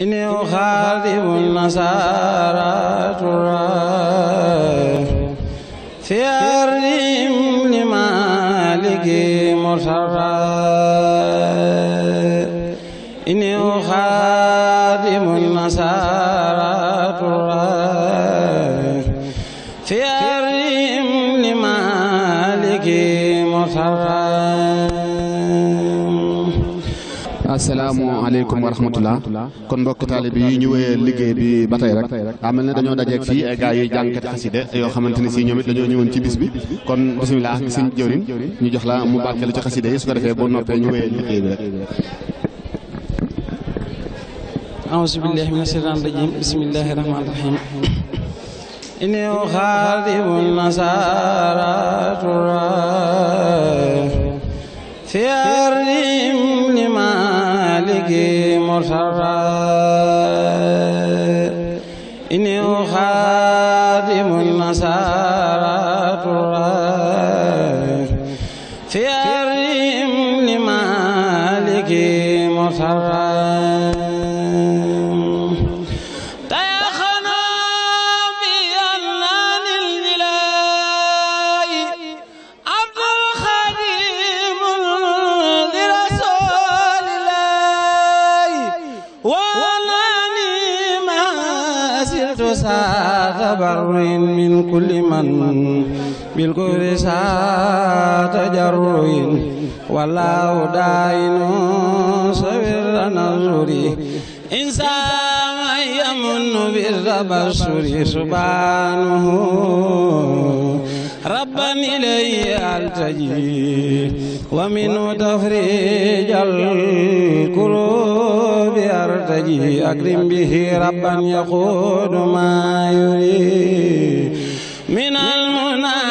إني أخاذب النصارى ترى في أرضهم لمالك مرسرى إني السلام عليكم ورحمة الله كن بوك طالبي نيوي ليغي بي باتاي رك عملنا دانيو داجيك في غاي جان كات خسيده يو خامتني سي نيوميت دانيو نيوون تي بيس بي كون بسم الله سيني جورين ني جوخلا مو باركل تي خسيده سو دافي بو نوبي نيوي ليغي بي أعوذ بالله من الشيطان الرجيم بسم الله الرحمن الرحيم إني أخاذب النصارى في أرضهم المرتضى إني أخادم المسار كل من بالكل ساعة تجرؤ والله داين صبر نظري إنسان يمن بالتبشر سبحانه ربا إلي ألتجي ومنه تفريج الكروب تجيه أكرم به ربا يقول ما يريد من المنى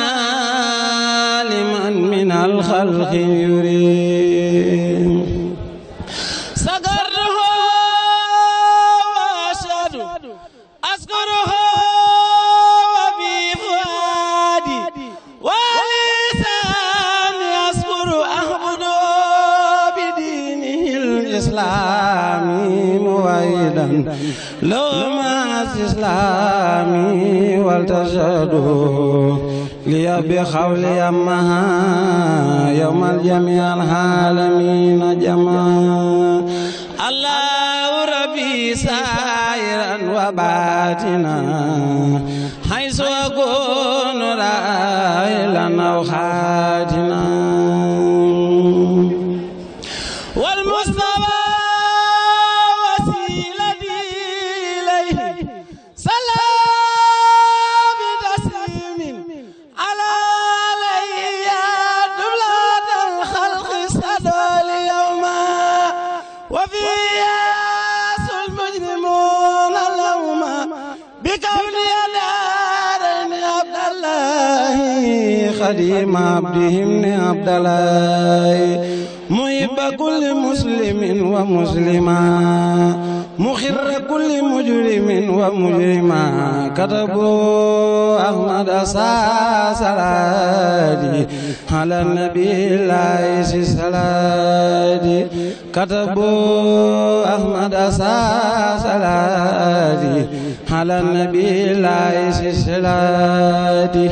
لمن من الخلق يريد لو مع الإسلام والتزادوا لي بخولي أمها يوم الجميع العالمين جمعا الله ربي سائرا وباتنا حيث أكون رائلا أو خاتنا والمصطفى خديم عبدهم عبد الله محب كل مسلم ومسلما مخر كل مجرم ومجرما كتبوا أحمد أساس العادي على النبي العيسى السلادي كتبوا أحمد أساس العادي على النبي العيسى السلادي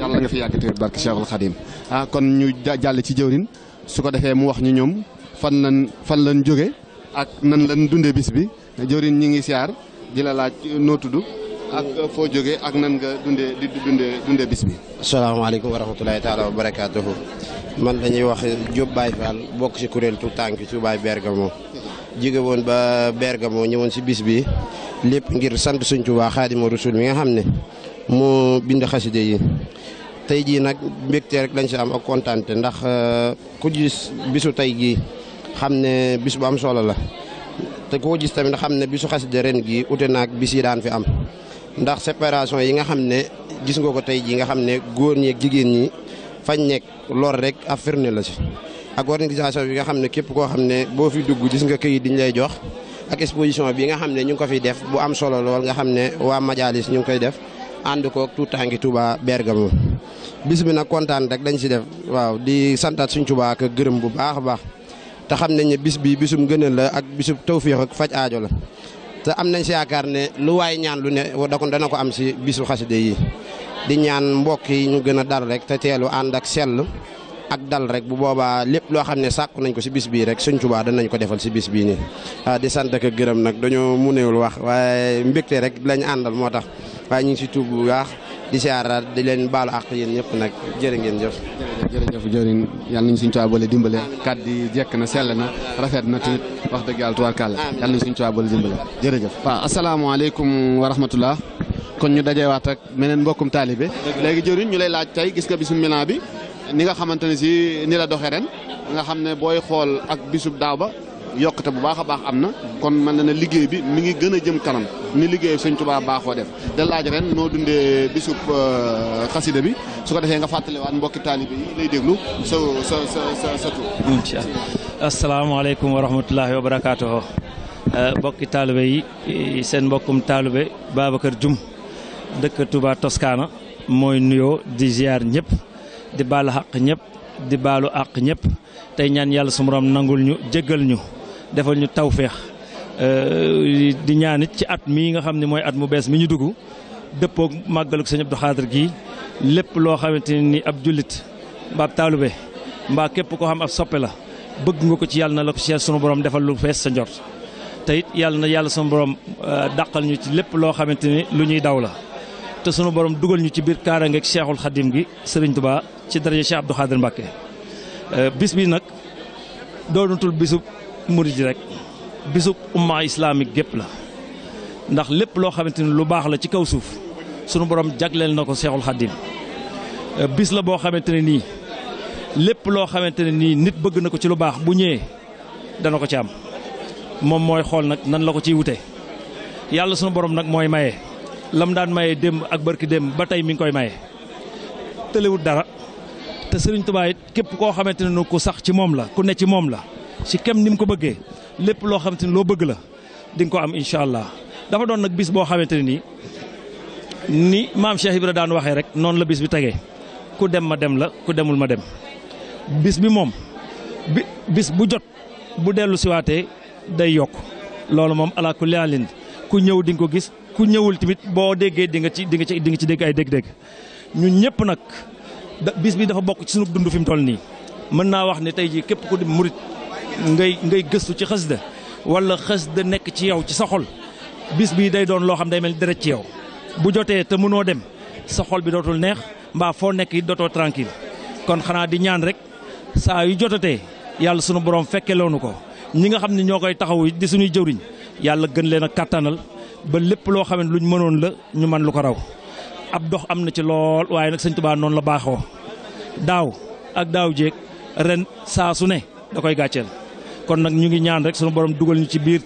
yàlla nga fi yàgg te barke Cheikhul Khadim ah kon ñu jàll ci jëwrin su ko defee mu wax ñu ñoom fan lan fan lan jóge ak nan lan dundee bis bi jëwrin ñi ngi siyaar di la laaj noo tudd ak foo jóge ak nan nga dundee di dundee dundee bis bi. asalaamaaleykum wa rahmatulahi taala wa barakaatuhu man dañuy wax Diop Baye Fall bokk ci kuréel tout tànk Toubaay Bergamo jóge woon ba Bergamo ñëwoon ci bis bi lépp ngir sant Sëñ Tuubaa Xaadimu Rasuul mi nga xam ne bind xaside yi tey jii nag mbégte rek lañ si am ak kontaante ndax euh, ku gis bisu tey jii xam ne bis bu am solo la te koo ko gis tamit xam ne bisu xasida ren gii ute naag bis yi daan fi am ndax séparation yi nga xam ne gis nga ko tey jii nga xam ne góor ñi ak jigéen ñi fañ nekk lor rek ab firnde la si ak organisation bi nga xam ne képp koo xam ne boo fi dugg gis nga këyit diñ lay jox ak exposition bi nga xam ne ñu ngi ko fiy def bu am solo lool nga xam ne waa Majalis ñu ngi koy def ànd koog tuutaangi Touba Bergamo bis bi nag kontaan rek dañ ci def waaw di santat suñu tuba ak gërëm bu baax baax ta xam nañ ne bis bi bisum gënal la ak bisum tawfiq ak fajj aajo la ta am nañ ne lu way ñaan lu ne da ko dana ko am ci bisu xaside yi di ñaan mbokk yi ñu gëna a dal rek ta teelu and ak sel ak dal rek bu boba lepp lo xamne ne nañ ko ci bis bi rek suñ dañ nañ ko defal si bis ni nii ah, di sant ak nak nag dañoo neewul wax waye mbekté rek lañ andal motax waye ñi ci si tuub bu di siyaara di leen baalu àq yéen ñëpp nag jërë ngeen jëf. jërëjëf jëriñ yal nañu suñu tubaab boole dimbale kàddu yi jekk na sell na rafet na tamit wax dëgg yàlla tubaarkàlla yal nañu suñu tubaab boole dimbale jërëjëf. waaw asalaamaaleykum wa rahmatullah kon ñu waat rek meneen mbokkum taalibe léegi jëriñ ñu lay laaj tey gis nga bisu Milan bi ni nga xamante ne si ni la doxee ren nga xam ne booy xool ak bisub daaw ba yokkute bu baax a baax am na kon mel na liggéey bi mi ngi gën a jëm kanam ni liggéey Sëñ Tuubaa baaxoo def da laaj ren noo dundee bisub euh, xasida bi su ko defee nga fàttaliwaat mbokki taalibe yi lay déglu sa sa sa euh, mbokki taalibe yi seen mbokkum taalibe Babacar Jum dëkk Touba Toscana mooy nuyoo di ziar ñëpp di baalu àq ñëpp di baalu àq ñëpp tey ñaan yàlla su mu nangul ñu jéggal ñu defal ñu tawféex euh, di ñaanit ci at mii nga xam ne mooy at mu bees mi ñu dugg dëppook màggaluk sëñ Abdou Khadre gi lépp loo xamante ni ab jullit mbaa ab taalube mbaa képp koo xam ab soppe la bëgg nga ko ci yàlla na la ko ci sunu borom defal lu fees sa njort te it yàlla na yàlla sunu borom euh, dàqal ñu ci lépp loo xamante ni lu ñuy daw la te sunu borom dugal ñu ci biir kaaraangeeg Cheikhul Khadim gi Serigne Touba ci daraja Cheikh Abdou Khadre Mbacké euh, bis bi nag doonutul bisub murid rek bisub umma islamique gep la ndax lepp lo xamanteni lu bax la ci kaw suuf sunu borom jaglel nako cheikhul khadim bis la bo xamanteni ni lepp lo xamanteni ni nit bëgg nako ci lu bax bu ñëwee da nako ci am mom moy xol nak nan la ko ciy wute yàlla sunu borom nak moy maye lam daan maye dem ak barki dem ba tay mi ngi koy maye tëlewut dara te serigne touba it képp ko xamanteni ku sax ci mom la ku ne ci mom la ci kem ni mu ko bëggee lépp loo xamante ni loo bëgg la dinga ko am incha allah dafa doon nag bis boo xamante ne nii ni maam bi Ibra daan waxee rek noonu la bis bi tegee ku dem ma dem la ku demul ma dem bis bi moom bi bis bu jot bu dellu siwaatee day yokk loolu moom ala ku laalin ku ñëw di nga ko gis ku ñëwul tamit boo déggee di nga ci di nga ci di nga ci dégg ay dég dégg ñun ñëpp nag bis bi dafa bokk ci sunu dund fi mu toll nii mën naa wax ne tey jii képp ku di murit ngay ngay gëstu ci xasida wala xasida nekk ci yow ci sa xol bis bii day doon loo xam day mel deret ci yow bu jotee te mënoo dem sa xol bi dootul neex mbaa foo nekk it dootoo tranquille kon xanaa di ñaan rek saa yu jotatee yàlla sunu borom fekkee loonu ko ñi nga xam ne ñoo koy taxawu di suñuy jëwriñ yàlla gën leen a kàttanal ba lépp loo xam ne luñ mënoon la ñu man lu ko raw ab dox am na ci lool waaye nag sëñ Tuubaa noonu la baaxoo daaw ak daaw jéeg ren saa su ne da koy gàcceel kon nak ñu ngi ñaan rek suñu borom duggal ñu ci biir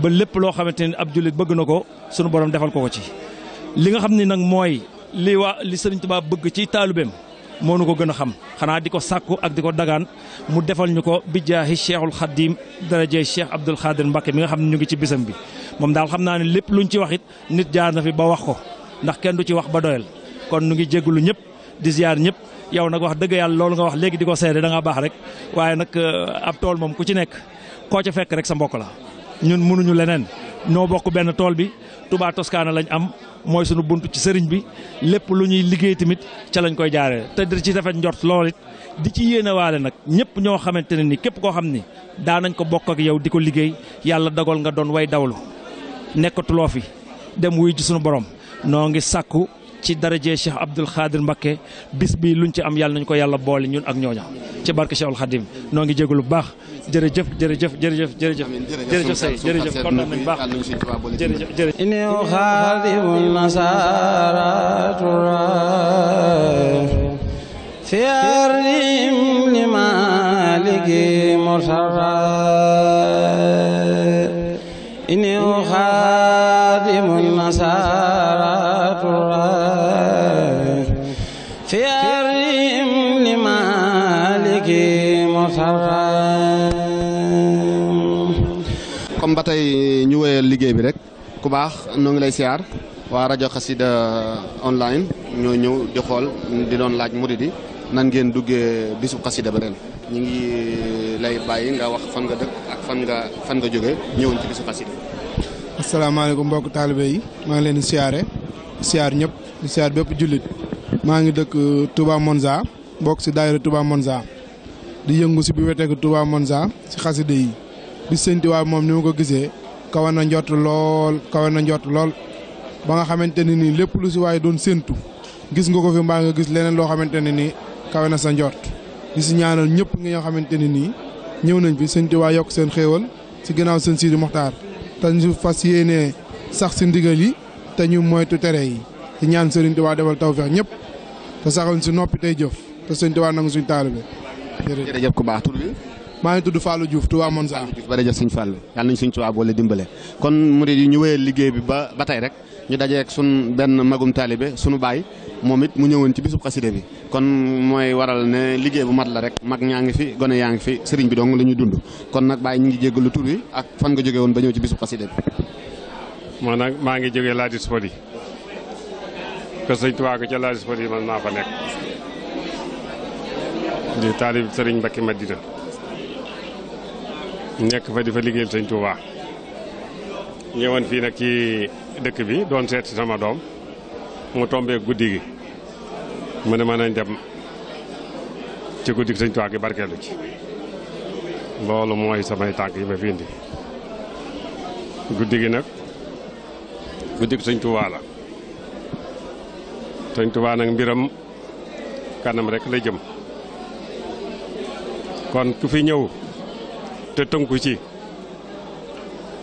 ba lepp lo xamanteni ab bëgg nako suñu borom defal ko ko ci. li nga xamni nak moy li wa li serigne touba bëgg ci talubem mo nu ko gëna xam xana diko sakku ham ak diko dagan mu defal ñuko ko bi jaahi cheikhul khadim daraje cheikh abdul Khadir mbake mi nga xamni ñu ngi ci bisam bi mom daal xamna ni lepp luñ ci waxit nit jaar na fi ba wax ko ndax kenn du ci wax ba doyal kon nu ngi jéggulu ñëpp di ziar ñëpp. yow nag wax dëgg yàlla loolu nga wax léegi di ko seede da ngaa baax rek waaye nag euh, ab tool moom ku ci nekk koo ca fekk rek sa mbokk la ñun mënuñu leneen noo bokk benn tool bi Touba Toscana lañ am mooy sunu bunt ci sëriñ bi lépp lu ñuy liggéey tamit ca lañ koy jaaree te di ci rafet njort lool it di ci waale nag ñëpp ñoo xamante ne ni képp koo xam ni daanañ ko bokk ak yow di ko liggéey yàlla dogal nga doon way dawlu nekkatuloo fi dem wuy ci sunu ci darajee Cheikh Abdoul Khadir Mbacké bis bi luñ ci am yàlla nañ ko yàlla boole ñun ak ñooña ci barke Cheikhul Khadim noo ngi jégalu bu baax jërëjëf jërëjëf jërëjëf jërëjëf jërëjëf say jërëjëf kon nañ baax jërëjëf jërëjëf ineo khadimul nasaratura batay ñu wéyal liggéey bi rek ku baax noo ngi lay siar wa radio online ñu ñew di xol di doon laaj mouride nan ngeen duggé bisu xasida ba ren ñi ngi lay bayyi nga wax fan nga dëkk ak fan nga fan nga joggé ñewon ci bisu assalamu alaykum mbokk talibé yi ma ngi leen siaré siar ñep ñëpp di siyaar bépp ngi dëkk uh, Touba Monza bok si daayira Touba Monza di yëngu ci bi ko Touba Monza si xasida yi di sëñ Tuubaa moom ni ma ko gisee kawe na njoot lool kawe na njott lool ba nga xamante ne nii lépp lu si waaye doon séntu gis nga ko fi mbaa nga gis leneen loo xamante ne nii kawe na sa njort di si ñaanal ñëpp nga ñoo xamante ne nii ñëw nañ fi sëñ Tuubaa yokk seen xéewal si ginnaaw sëñ Sidi Moxtaar te ñu fas yéenee sax si ndigal yi te ñu moytu tere yi di ñaan sëriñ Tuubaa defal tawfeex ñëpp te saxal si noppi tey jëf te sëñ Tuubaa nangu suñu taalibe jërëjëf ku baax tur bi maa ngi tudd Fallou Diouf Touba Monza. Diouf ba rajo Sëñ Fall yàlla nañ Sëñ Touba kon murid yi ñu wéyal liggéey bi ba ba tey rek ñu dajeek sun benn magum taalibe sunu baay Momit mu ñëwoon ci bisub bi kon mooy waral ne liggéey bu mat la rek mag ñaa fi gone fi bi dong dund kon nak bayi ñu ngi jéggalu tur wi ak fan nga jóge woon ba ñëw ci bisub xaside bi. man nag maa ngi jógee laa dispoli ko sëñ Touba ko man maa fa nekk di taalib sëriñ Mbacke Madina nek fa difa fa liggéeyal sëñ Touba ñewon fi nak ci dëkk bi doon sama dom. mu tombee guddi gi mu ne ma nañ dem ci guddi sëñ Touba gi barkelu ci loolu mooy samay tànk yi ma fi indi guddi gi nag guddi Touba la Touba nag mbiram kanam rek la jëm kon ku fi ñëw te tënku ci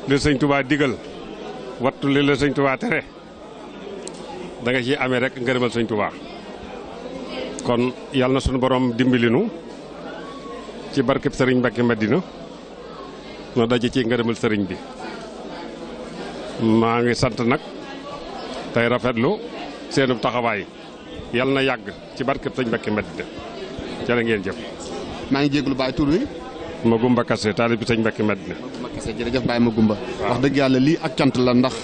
li sëñ tubaa digal wattu li la sëñ tubaa tere da ciy amee rek ngërëmal sëñ tubaa kon yàlla na sunu borom dimbalinu ci barkeb sëriñ Mbàkke Madina no daje ci ngërëmal sëriñ bi maa ngi sant nag tey rafetlu seenub taxawaay yàlla na yàgg ci barkeb sëriñ Mbàkke Madina jërë ngeen jëf ma gumba kase taalib bi sëñ Mbacke Madina ma kase jërëjëf Baye ma gumba wax dëgg yàlla lii ak cant la ndax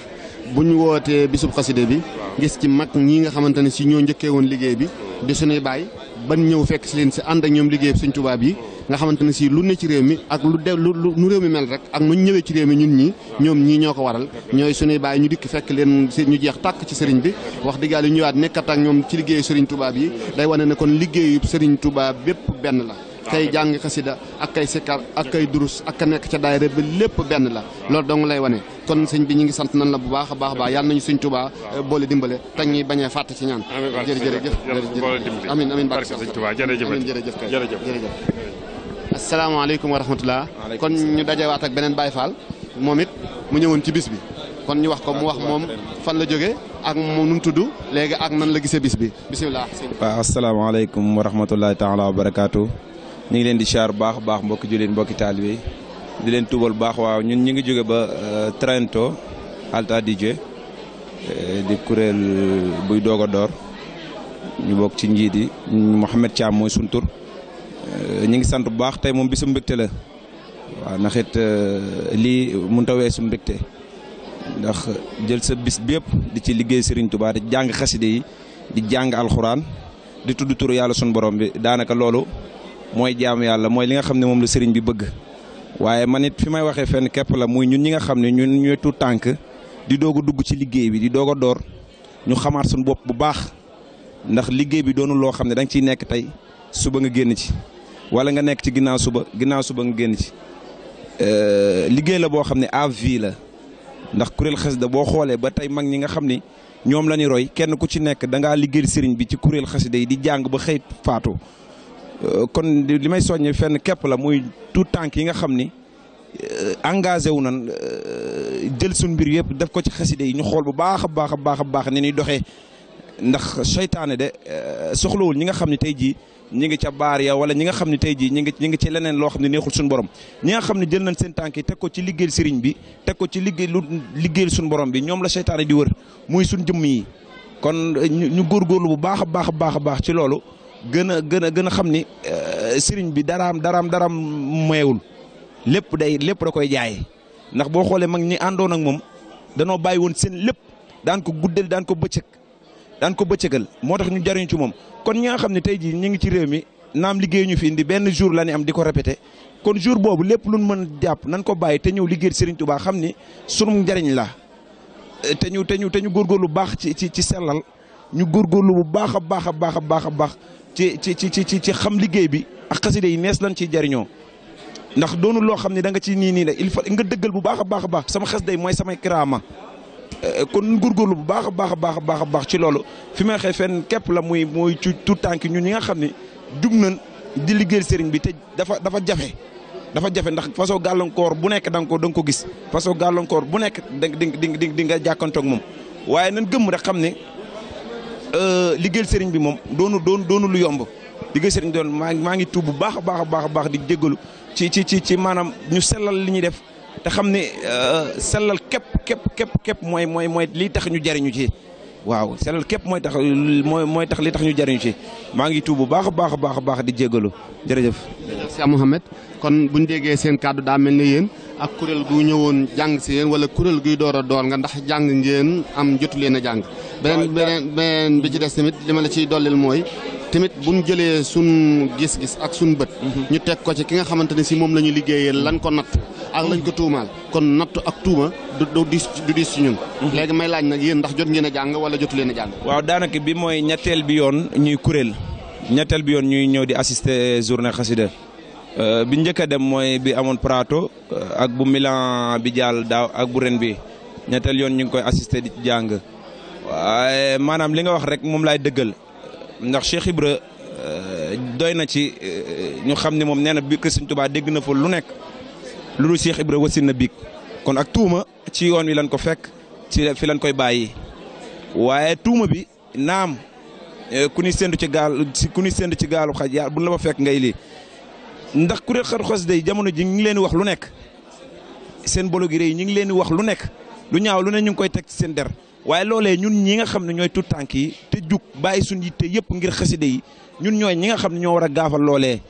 bu ñu wootee bisub xaside bi gis ci mag ñi nga xamante ne si ñoo njëkkee woon liggéey bi di suñuy baay ban ñëw fekk si leen si ànd ak ñoom liggéey bi suñ tubaab yi nga xamante ne si lu ne ci réew mi ak lu de lu nu réew mi mel rek ak nu ñëwee ci réew mi ñun ñi ñoom ñii ñoo ko waral ñooy suñuy baay ñu dikk fekk leen ñu jeex tàkk ci sëriñ bi wax dëgg yàlla ñëwaat nekkat ak ñoom ci liggéeyu sëriñ tubaab yi day wane ne kon liggéeyu sëriñ tubaab bépp benn la kay jang khasida ak kay sikar ak kay durus ak nek ca daayira bi lepp ben la loolu dong lay wane kon sëñ bi ñi ngi sant nan la bu baax baax ba yalla ñu sëñ tuba eh, boole dimbalé tak ñi bañee fat ci ñaan jere jef amin amin barke sëñ tuba jef jere jef assalamu alaykum wa rahmatullah kon ñu dajé waat ak benen baye fall momit mu ñewon ci bis bi kon ñu wax ko mu wax mom fan la joggé ak mo nu tuddu léegi ak nan la gisee bis bi bismillah assalamu alaykum wa rahmatullahi taala wa barakatuh ñi ngi leen di char baax baax mbokk jullit mbokk talibé di leen tubal baax waaw ñun ñi ngi joggé ba euh, Trento Alta DJ, euh, di kurel buy dogo dor ñu bok ci njidi Mohamed Cham moy sun tour euh, ñi ngi sant baax tay mom bisu mbekté la wa ndax it lii mënut ndax jël sa bis bi di ci liggéey Serigne Touba di jang xaside yi di jang alcorane di tuddu turu yalla sun borom bi danaka lolu mooy jaamu yàlla mooy li nga xam ne moom la sëriñ bi bëgg waaye man it fi may waxee fenn képp la muy ñun ñi nga xam ne ñun ñooy tuut tànk di doog a dugg ci liggéey bi di doog a door ñu xamaat suñu bopp bu baax ndax liggéey bi doonu loo xam ne da nga ciy nekk tey suba nga génn ci wala nga nekk ci ginnaaw suba ginnaaw suba nga génn ci euh, liggéey la boo xam ne à vie la ndax kuréel xasida boo xoolee ba tey mag ñi nga xam ni ñoom la ñu roy kenn ku ci nekk da ngaa liggéeyal sëriñ bi ci kuréel xasida yi di jàng ba xëy Euh, kon li may soññee fenn képp la muy tout tànk yi nga xam ni euh, engagé wu nan euh, jël suñ mbir yëpp def ko ci xaside yi ñu xool bu baax a baax baax a baax ni ñuy doxee ndax seytaane de soxlawul ñi nga xam ne tey jii ñi ngi ca baar ya wala ñi nga xam ne tey jii ñi ngi ñi ngi ci leneen loo xam ne neexul suñu borom ñi nga xam ne jël nañ seen tànk yi teg ko ci liggéeyal sëriñ bi teg ko ci liggéey lu liggéeyal suñu borom bi ñoom la seytaane di wër muy suñ jëmm yi kon ñu góor góorgóorlu bu baax a baax a baax a baax ci loolu gën a gën a gën a xam ni euh, sëriñ bi dara daraam daraam daraam moyewul lépp day lépp da koy jaay ndax boo xoolee mag ñi àndoon ak moom danoo bàyyi woon seen lépp daan ko guddal daan ko bëccëg daan ko bëccëgal moo tax ñu jariñ ci moom kon ñi xam ne tey jii ñu ngi ci réew mi naam liggéey ñu fi indi benn jour la ñu am di ko répété kon jour boobu lépp lu mën jàpp nañ ko bàyyi te ñëw liggéey Serigne Touba xam ni sunu njariñ la euh, te ñu te ñu te ñu góorgóorlu baax ci ci ci sellal ñu góorgóorlu bu baax a baax a baax a baax a baax ci ci ci ci ci xam liggéey bi ak xasida yi nees lan ciy jariñoo ndax doonul loo xam ne da nga ci nii nii la il faut nga dëggal bu baax a baax a baax sama xasida yi mooy samay kiraama euh, kon góorgóorlu bu baax a baax a baax a baax a baax ci loolu fi may xëy fenn képp la muy mooy ci tout tànk ñun ñi nga xam ne jub nañ di liggéeyal sëriñ bi te dafa dafa jafe dafa jafe ndax faso gàllankoor bu nekk da ko da nga ko gis façon gàllankoor bu nekk di di di nga jàkkantoog moom waaye nan gëm rek xam ne Euh, liggéeyal sëriñ bi moom doonu doon doonu lu yomb liggéey sëriñ bi doon maa ngi maa ngi tuub bu baax a baax a baax di jéggalu ci ci ci ci maanaam ñu sellal li ñuy def te xam ne euh, sellal képp képp képp képp mooy mooy mooy lii tax ñu jariñu ci waaw selal képp mooy tax mooy mooy tax li tax ñu jariñu ci maa ngi tuub bu baax a baax a baax a baax di jégalu jërëjëf. Cheikh Mouhamed kon bu ñu déggee seen kàddu daa mel na yéen ak kuréel gu ñëwoon jàng si yéen wala kuréel guy door a door nga ndax jàng ngeen am jotu leen a jàng. beneen beneen beneen bi ci des tamit li la ciy dollil mooy. tamit bu ñu jëlee suñ gis-gis ak suñ bët. Mhm. ñu teg ko ci ki nga xamante ne si moom la ñu liggéeyee lan ko natt. ak lañ ko tuumaal kon natt ak tuuma du diis du diis ci ñun léegi may laaj nag yéen ndax jot ngeen jàng wala jotu leen jàng waaw daanaka bi mooy ñetteel bi yoon ñuy kuréel ñetteel bi yoon ñuy ñëw di assister journée xasida euh, bi njëkk a dem mooy bi amoon Prato euh, ak bu Milan bi jàll daaw ak bu ren bi ñetteel yoon ñu ngi koy assister di jàng maanaam li nga wax rek moom laay dëggal ndax Cheikh Ibra euh, doy na ci ñu xam ni moom nee na bi kër Sëñ Tuubaa dégg na fa lu nekk lu dul Cheikh Ibra wasin na biig kon ak tuuma ci yoon wi lañ ko fekk ci fi lañ koy bàyyi waaye tuuma bi naam e, ku ni séntu ci gaal ku ni ci gaalu xaj yaa buñ la fa fekk ngay lii ndax ku xar xos day jamono ji ñu ngi leen di wax lu nekk seen bolo gi ñu ngi leen di wax lu nekk lu ñaaw lu ne ñu ngi koy teg ci seen der waaye loolee ñun ñi nga xam ne ñooy tuut tànk yi te jug bàyyi suñ yitte yëpp ngir xaside yi ñun ñooy ñi nga xam ne ñoo war a gaafal loolee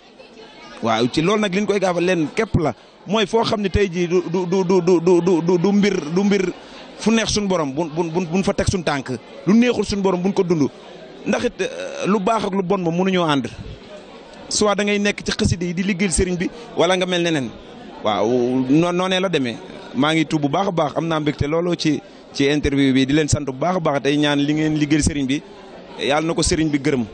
waaw ci loolu nag liñ koy gaafal leen képp la mooy foo xam ne tey jii du du du du du du mbir du mbir fu neex suñu borom bu bu buñ fa teg suñu tànk lu neexul suñu borom buñ ko dund ndax it euh, lu baax ak lu bon moom mënuñoo ànd soit da ngay nekk ci xasida yi di liggéey sëriñ bi wala nga mel ne neneen waaw noo noonee la demee maa ngi tuub bu baax a baax am naa mbégte looloo ci ci interview bi di leen sant bu baax a baax tey ñaan li ngeen liggéeyal sëriñ bi yàlla na ko sëriñ bi gërëm.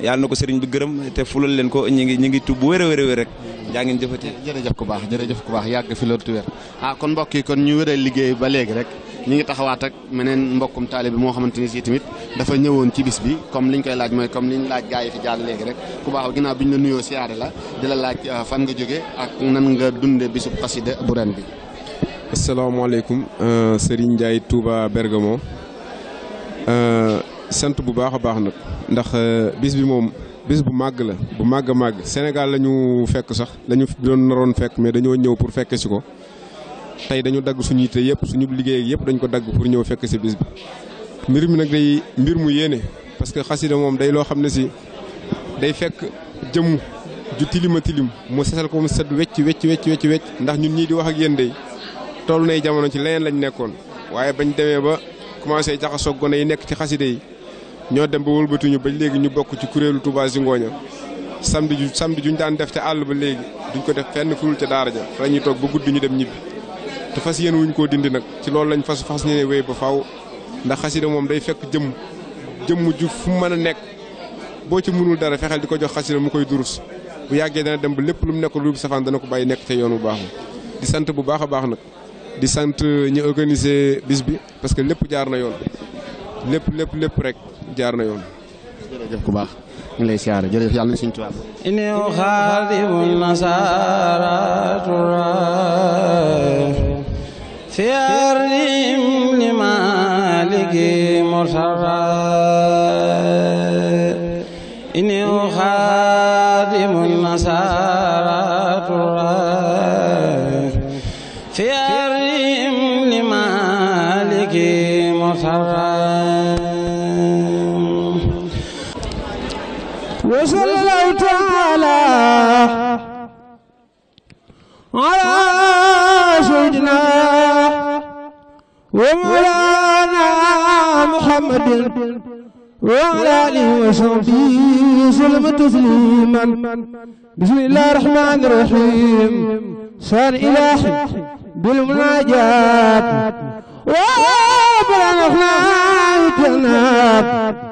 yàlla na ko sëriñ bi gërëm te fulal leen ko ñu ngi ñu ngi tub bu wér a wér a wér rek jaa ngeen jëfati jërëjëf baax jërëjëf ku baax yàgg fi loolu wér ah, kon mbokk yi kon ñu wéral liggéey ba léegi rek ñu ngi taxawaat ak meneen mbokkum taalibe bi moo xamante ni si tamit dafa ñëwoon ci bis bi comme liñ koy laaj mooy comme liñ laaj gaa yi fi jaar léegi rek ku baax ginnaaw bi la nuyoo laaj ah, fan nga jóge ak nan nga dunde bisub xasida bu ren bi asalaamaaleykum ah, Serigne Ndiaye Touba Bergamo sant bu baax a baax nag ndax euh, bis bi moom bis bu màgg la bu màgg màgg Sénégal lañu ñu fekk sax dañu doon naroon fekk mais dañoo ñëw pour fekke si ko tey dañu dagg suñu yitte yëpp suñu liggéey yëpp dañ ko dagg pour ñëw fekk si bis bi. mbir mi nag day mbir mu yéene parce que xasida moom day loo xam ne si day fekk jëmm ju tilima tilim mu sesal ko mu set wecc wecc wecc wecc wecc ndax ñun ñii di wax ak yéen day toll nay jamono ci leneen lañ nekkoon waaye bañ demee ba commencé jaxasoo gone yi nekk ci xasida yi ñoo dem ba wëlbatuñu ba léegi ñu bokk ci kuréelu Touba Zingoña samedi ju samedi juñ daan def ca àll ba léegi duñ ko def fenn furul ca daara ja fa la ñuy toog ba guddi ñu dem ñibbi te fas yéen wuñ koo dindi nag ci loolu lañ fas fas ñeneen wéy ba faaw ndax xasida moom day fekk jëmm jëmm ju fu mu mën a nekk boo ci mënul dara fexeel di ko jox xasida mu koy durus bu yàggee dana dem ba lépp lu mu nekk lu safaan dana ko bàyyi nekk ca yoon bu baax di sant bu baax a baax nag di sant ñi organiser bis bi parce que lépp jaar na yoon lépp lépp lépp rek jaar na yoon. jërëjëf ku baax ñu lay siyaare jërëjëf yàlla na suñu tubaab. inni xaadimu nasaara turaa fi ardim li maaliki murtara inni xaadimu nasaara turaa على سيدنا ومولانا محمد وعلى آله وصحبه وسلم تسليما بسم الله الرحمن الرحيم صار إلهي بالمناجات وبلغنا الجنات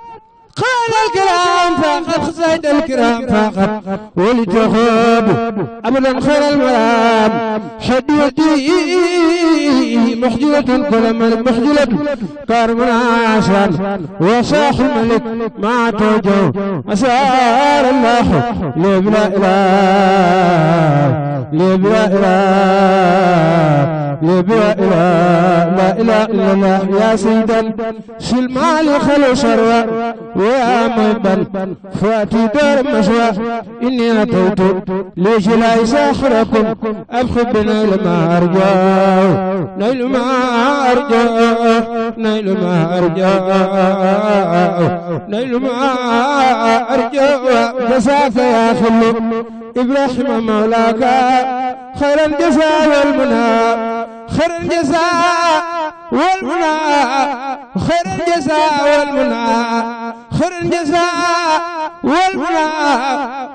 قال الكرام فقط خزايد الكرام فقط والجخاب أبدا خير المرام حد محجلة كلما محجلة كرم عشان وصاح الملك ما توجه مسار الله لبلا إله لبلا إله لبيع ما إله إلا الله يا سيدا في المال خلو شروى ويا مبل فاتي دار مشوا إني أتوت ليش لا يسخركم أبخب لما ما أرجع نيل ما أرجع نيل ما أرجع نيل ما أرجع فسافة يا خلو إبراهيم مولاك خير الجزاء والمنى خير الجزاء والمنى خير الجزاء والمنى خير الجزاء والمنى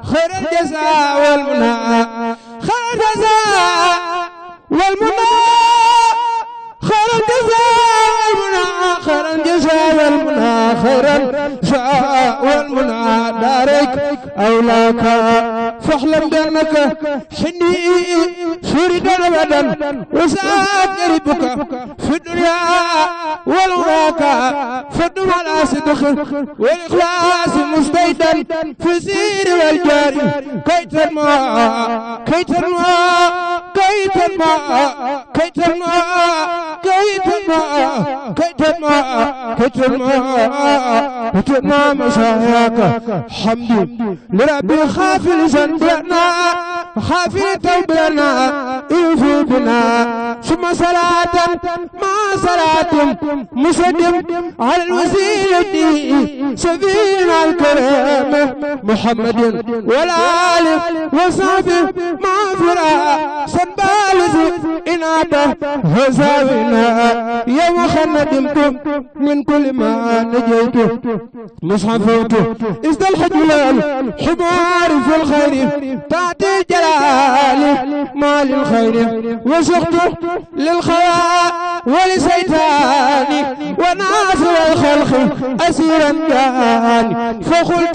خير الجزاء والمنى خير الجزاء والمنى خير الجزاء والمنى خير الجزاء والمنى خير الجزاء والمنى دارك أولاك فاحلم بأنك حني شريك أبدا وسأقربك في الدنيا والوراك فدم الأسدخ والإخلاص مجتهدا في السير والجاري كي تنمو كي تنمو kaitama kaitama kaitama kaitama kaitama kaitama مشاهيك حمدي لربي خافل زندنا خافل توبنا يفوقنا ثم صلاة مع صلاة مسلم على الوسيلة سفينا الكريم محمد والآل وصحبه مع فراسة بالغ إنابة هزاوينا يا محمد من كل ما نجيت مصحفوت إذا الحجلال حمار في الخير تعطي جلالي مال الخير وسقت للخيار ولسيتاني وناصر الخلق أسيرا كان فخل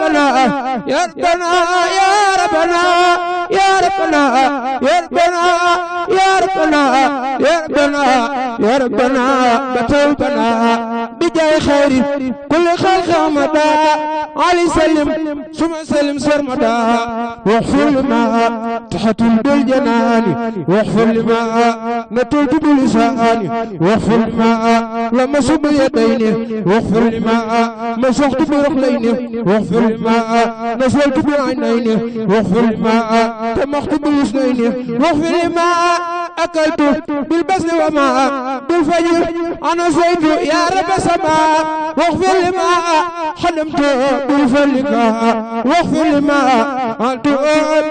ربنا يا ربنا يا ربنا يا ربنا يا ربنا يا ربنا يا ربنا يا ربنا بتوبنا بجاي خير كل خلق مدى علي سلم ثم سلم سرمدا واغفر لما تحت بالجنان واغفر لما نتوت بلساني واغفر لما لمس بيديني واغفر لما مسحت برحليني واغفر الماء نصرت بعينيه واغفر الماء تمخت بحسنينه واغفر الماء أكلت بالبسل وما بالفجر أنا زيد يا رب سماء واغفر الماء حلمت بالفلكة واغفر الماء أنت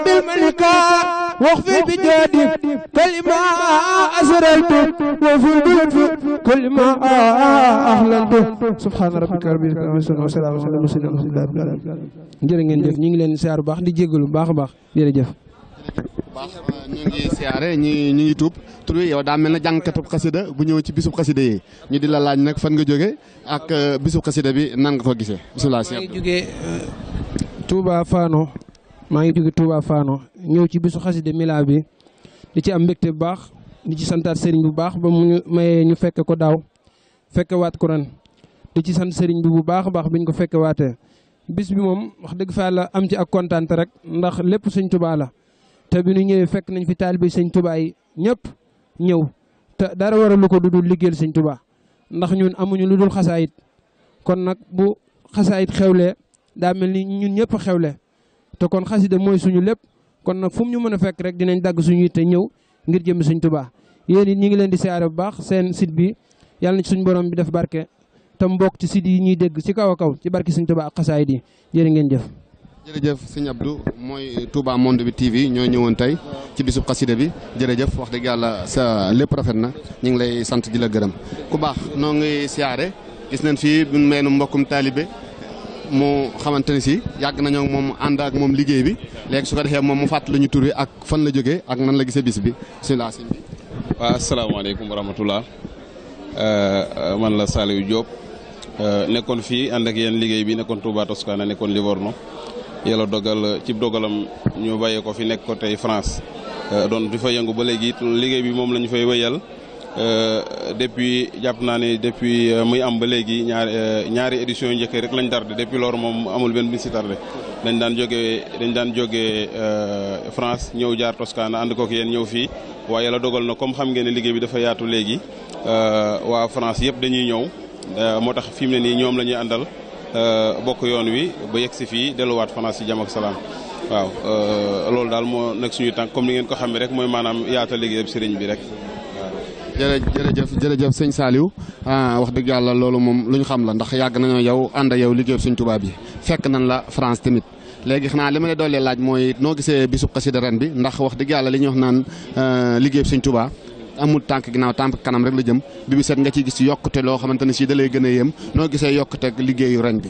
بالملكة واخفي بجادي كل ما أسررت وفي البيت كل ما أحللت سبحان ربك رب العزة وسلام على المرسلين والحمد لله رب العالمين Jadi ngeen def ñi ngi leen siar bax di jéggalu bax bax jere jëf bax ñu ngi siaré ñi ñi ngi tup tur yow da melna jangkatu xassida bu ñew ci bisu xassida yi ñu di la laaj nak fan nga joggé ak euh, bisu xassida bi nan nga ko gisé bismillah cheikh joggé euh, touba fano maa ngi jóge Touba Fano ñëw ci bisu xaside Mila bi di ci am mbégte bu baax di ci santaat sëriñ bu baax ba mu mayee ñu fekke ko daaw fekke ko ren di ci sant sëriñ bi bu baax a baax biñ ko fekke waatee bis bi moom wax dëgg fa la am ci ak kontaan rek ndax lépp sëñ Touba la te bi ñu ñëwee fekk nañ fi taalibe sëñ Touba yi ñëpp ñëw te dara waralu ko du dul liggéeyal sëñ Touba ndax ñun amuñu lu dul xasaayit kon nag bu xasaayit xewlee daa mel ni ñun ñëpp xewle te kon xasida moy suñu lepp kon na fum ñu mëna fekk rek dinañ dag suñu yitte ñew ngir jëm suñu tuba yeen it ñi ngi leen di siaré bu baax seen site bi yalla na ci suñu borom bi def barké te mbokk ci site yi ñi dégg ci kaw kaw ci barké suñu tuba ak ngeen jëf jëf seigne Abdou moy Touba Monde bi TV ñoo ñewon tay ci bisub qasida bi jëf wax dëgg yàlla sa lepp rafet na ñi ngi lay sante di la gërëm ku baax no ngi siaré gis nañ bu meenu mbokum talibé mu xamante ni si yàgg nañoo moom ànd ak moom liggéey bi léegi su ko defee moom mu fàttali ñu tur bi ak fan la jógee ak nan la gisee bis bi bisimilah sëñ bi. waaw asalaamaaleykum wa rahmatulah euh, man la Saliou Diop euh, nekkoon fii ànd ak yéen liggéey bi nekkoon Touba Toscana nekkoon Livorno yàlla dogal ci dogalam ñu bàyyee ko fi nekk ko tey France euh, doon di fa yëngu ba léegi it liggéey bi moom la ñu fay wéyal. Euh, depuis jàpp naa ne depuis euh, muy am ba léegi euh, ñaari ñaari édition yu njëkk rek lañ tardé depuis loolu moom amul benn bi si tardé dañ daan jógee dañ daan jógee France ñëw jaar Toscana ànd kook yéen ñëw fii waaye yàlla dogal na comme xam ngeen ne liggéey bi dafa yaatu léegi waa France yëpp dañuy ñëw moo tax fi mu ne nii ñoom la ñuy àndal bokk yoon wi ba yegg si fii delluwaat France si jàmm ak salaam waaw loolu daal moo nag suñu tànk comme ni ngeen ko xamee rek mooy maanaam yaata liggéey bi sëriñ bi rek jërëjëf jërëjëf sëñ Saliou ah, wax dëgg yàlla loolu moom lu ñu xam la ndax yàgg nañoo yow ànd ak yow liggéeyub sëñ tubaab yi fekk nañ la France tamit. léegi xanaa li ma lay doolee laaj mooy noo gisee bisub xasida ren bi ndax wax dëgg yàlla li ñuy wax naan euh, liggéeyub sëñ Tuubaa amul tànk ginnaaw tànk kanam rek la jëm bi bi set nga ciy gis yokkute loo xamante ne si da gën a yem noo gisee yokkute liggéeyu ren bi.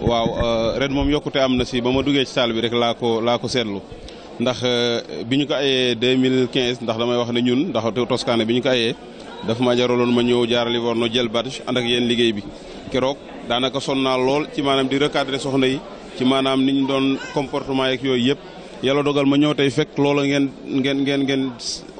waaw euh, ren moom yokkute am na si ba ma duggee ci salle bi rek laa ko laa ko seetlu ndax eh, biñu ko ayé 2015 ndax damay wax ni ñun ndax Toscane biñu ko ayé daf ma jaraloon ma jaar li Livorno jël badge and ak yeen liggéey bi kérok daanaka sonn naa lool ci manam di recadrer soxna yi ci manam niñ doon comportement ak yoy yëpp yalla dogal ma ñëw tay fekk loola ngeen ngeen ngeen ngeen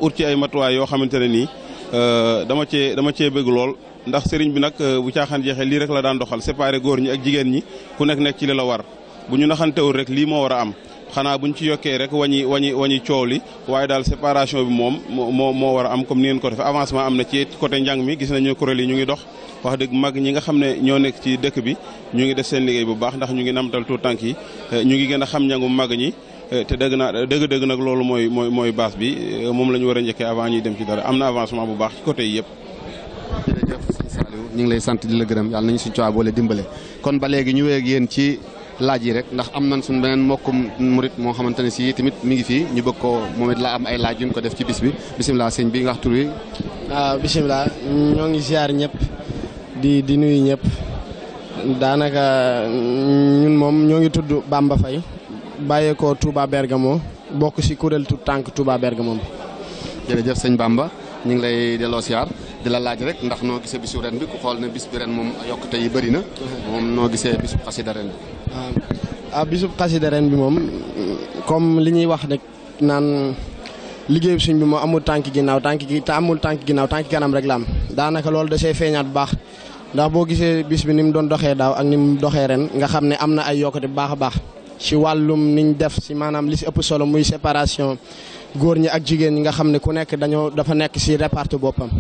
ut ci ay matwa yo xamante ni euh dama ci dama ci bëgg lool ndax sëriñ bi nak eh, bu caaxaan jexé li rek la daan doxal séparé goor ñi ak jigéen ñi ku nek nek ci la war bu ñu rek li mo wara am xanaa bu ñu ci yokkee rek wañi wañi wañi coow li waaye daal séparation bi moom moo moo war a am comme ni ngeen ko defee avancement am na ci côté njàng mi gis nañu kuréel yi ñu ngi dox wax dëgg mag ñi xam ne ñoo nekk ci dëkk bi ñu ngi def seen liggéey bu baax ndax ñu ngi namtal tuut tànk yi euh, ñu ngi gën a xam njàngu mag ñi euh, te dëgg naa dëgg-dëgg nag loolu mooy mooy mooy base bi euh, moom la ñu war a njëkkee avant ñuy dem ci dara am na avancement bu baax ci yi yëpp. ñu ngi lay sant di la gërëm yàlla nañu suñu coow boole dimbale kon ba léegi ñu wéy ak ci laaj yi rek ndax am nañ suñ beneen mbokkum murit moo xamante ne si tamit mu ngi fii ñu bëgg ko moom it laa am ay laaj yuñ ko def ci bis bi bisimilah sëñ bi nga wax tur wi. Ah, bisimilah ñoo ngi ziar ñëpp di di nuyu ñëpp daanaka ñun moom ñoo ngi tudd Bamba Faye bàyyeekoo Touba Bergamo bokk si kuréel tu tànk Touba Bergamo bi. jërëjëf sëñ Bamba ñu ngi lay delloo ziar. di la laaj rek ndax noo gisee bisu ren bi ku xool ne bis bi ren moom yokkute yi bëri na. moom noo gisee bisu xasida ren bi. ah, ah bisu bi moom comme li ñuy wax rek naan liggéey suñ bi moo amul tànk ginnaaw tànk gi te amul tànk ginnaaw tànk kanam rek la am daanaka loolu da see feeñaat bu baax. ndax boo gisee bis bi ni mu doon doxee daaw ak ni mu doxee ren nga xam ne am na ay yokkute bu baax a baax ci wàllum niñ def ci maanaam li si ëpp solo muy séparation góor ñi ak jigéen ñi nga xam ne ku nekk dañoo dafa nekk si réparti boppam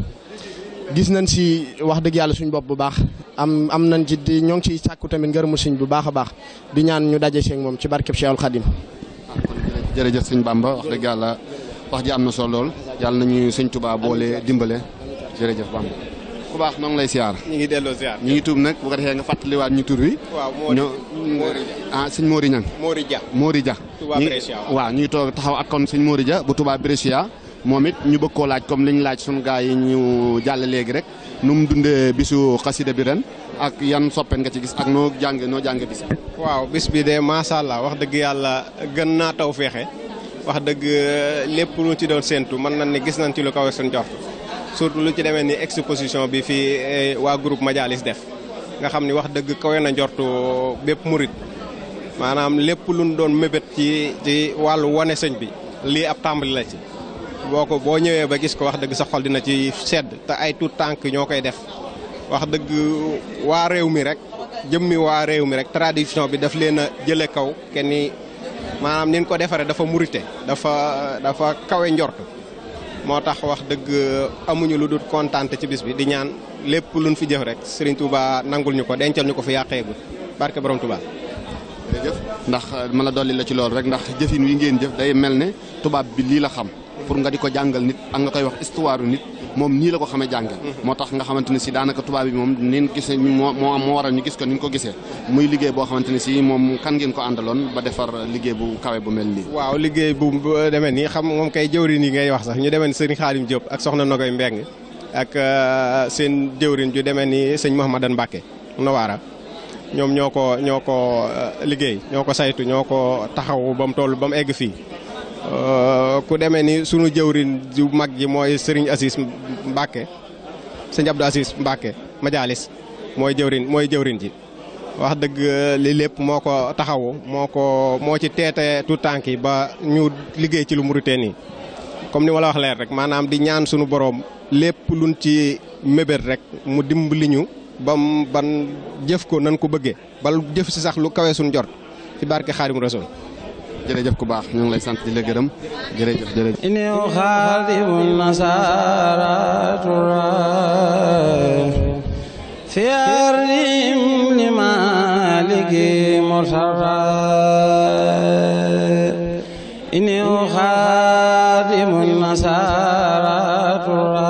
gis nañ si wax dëgg yàlla suñ bopp bu baax am am nañ ci di ñoo ngi ciy sàkku tamit ngërëmu suñ bu baax a baax di ñaan ñu daje seeg moom ci barkeb Cheikhul Khadim. jërëjëf sëñ Bamba wax ji am na solo lool yàlla nañu sëñ Tuubaa boole dimbale jërëjëf ku baax noo ngi lay siyaar. ñu ngi delloo siyaar. ñu ngi tuub nag bu ko defee nga fàttaliwaat ñu tur wi. waaw Mori ah sëñ Mori Niang. Mori Dia Mori Dia. Touba Brescia waaw ñu ngi toog taxaw ak kon sëñ Mori Dia bu Touba Brescia moom it ñu bëgg koo laaj comme li laaj sunu gaa ñu jàll léegi rek nu mu bisu xasida bi ren ak yan soppeen nga ci gis ak noo jàng noo jàng bis. waaw bis bi de macha allah wax dëgg yàlla gën naa taw feexe wax dëgg lépp lu ci doon séentu mën nañ ne gis nañ ci lu kawe seen jox surtout lu ci demee ni exposition bi fi eh, wa groupe Majalis def nga xamni ni wax deug kawé na njortu bépp murit maanaam lépp luñ doon mebet ci ci walu woné señ bi li ab tambali la ci boko bo ñëwé ba gis ko wax deug sa xol dina ci sedd ta ay tout tank ñokay def wax deug wa réew mi rek jëmmi wa réew mi rek tradition bi daf leena jëlé kaw kenn manam niñ ko défaré dafa murite dafa dafa kawé ndortu moo tax wax dëgg amuñu lu dul kontante ci bis bi di ñaan lépp luñ fi jëf rek Serigne Touba nangul ñu ko dencal ñu ko fi yàqeegul barke borom Touba. ndax euh, man la dolli la ci loolu rek ndax jëfin wi ngeen jëf day mel ne tubaab bi lii la xam. pour nga di ko jàngal nit ak nga koy wax histoire nit. moom nii la ko xamee jànge moo tax nga xamante ne si daanaka tubaab bi moom nin gisee moo moo moo waral ñu gis ko ni ñu ko gisee muy liggéey boo xamante ne si moom kan ngeen ko àndaloon ba defar liggéey bu kawe bu mel nii waaw liggéey bu demee nii xam moom kay jëwriñ yi ngay wax sax ñu demee ni sëriñ Xaalim Diop ak soxna Nogoy Mbeng ak euh, seen jëwriñ ju demee ni sëñ Mouhamadan Mbàkke Nowaara ñoom ñoo ko ñoo ko euh, liggéey ñoo ko saytu ñoo ko taxaw ba mu toll ba mu egg fii euh, ku demee ni sunu jëwrin ju mag ji mooy Serigne Assis Mbacke Serigne Abdou Assis Mbacke Majalis mooy jëwrin mooy jëwrin ji wax dëgg li lépp moo ko taxawu moo ko moo ci teete tu tànk yi ba ñu liggéey ci lu muritee nii comme ni walla la wax leer rek maanaam di ñaan sunu boroom lépp luñ ci mébét rek mu dimbali ñu ba ban jëf ko nan ko bëgge bal jëf si sax lu kawee suñu jot ci barke Xaadimu Rasuul jërëjëf ku baax ñu ngi lay sant di la gërëm jërëjëf jërëjëf ini uxaadimu nasaratura fi ardim li maliki murtara ini uxaadimu nasaratura